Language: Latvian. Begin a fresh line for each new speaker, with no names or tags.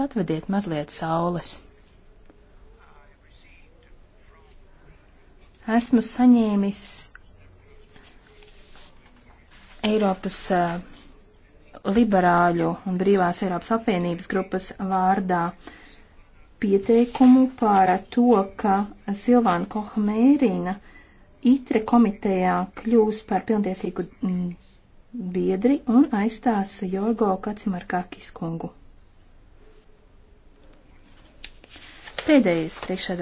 lūgts atvediet mazliet saules.
Esmu saņēmis Eiropas eh, liberāļu un brīvās Eiropas apvienības grupas vārdā pieteikumu par to, ka Silvāna Koha Mērīna ITRE komitejā kļūs par pilntiesīgu mm, biedri un aizstās Jorgo Kacimarkakis kungu. Pēdējais priekšādā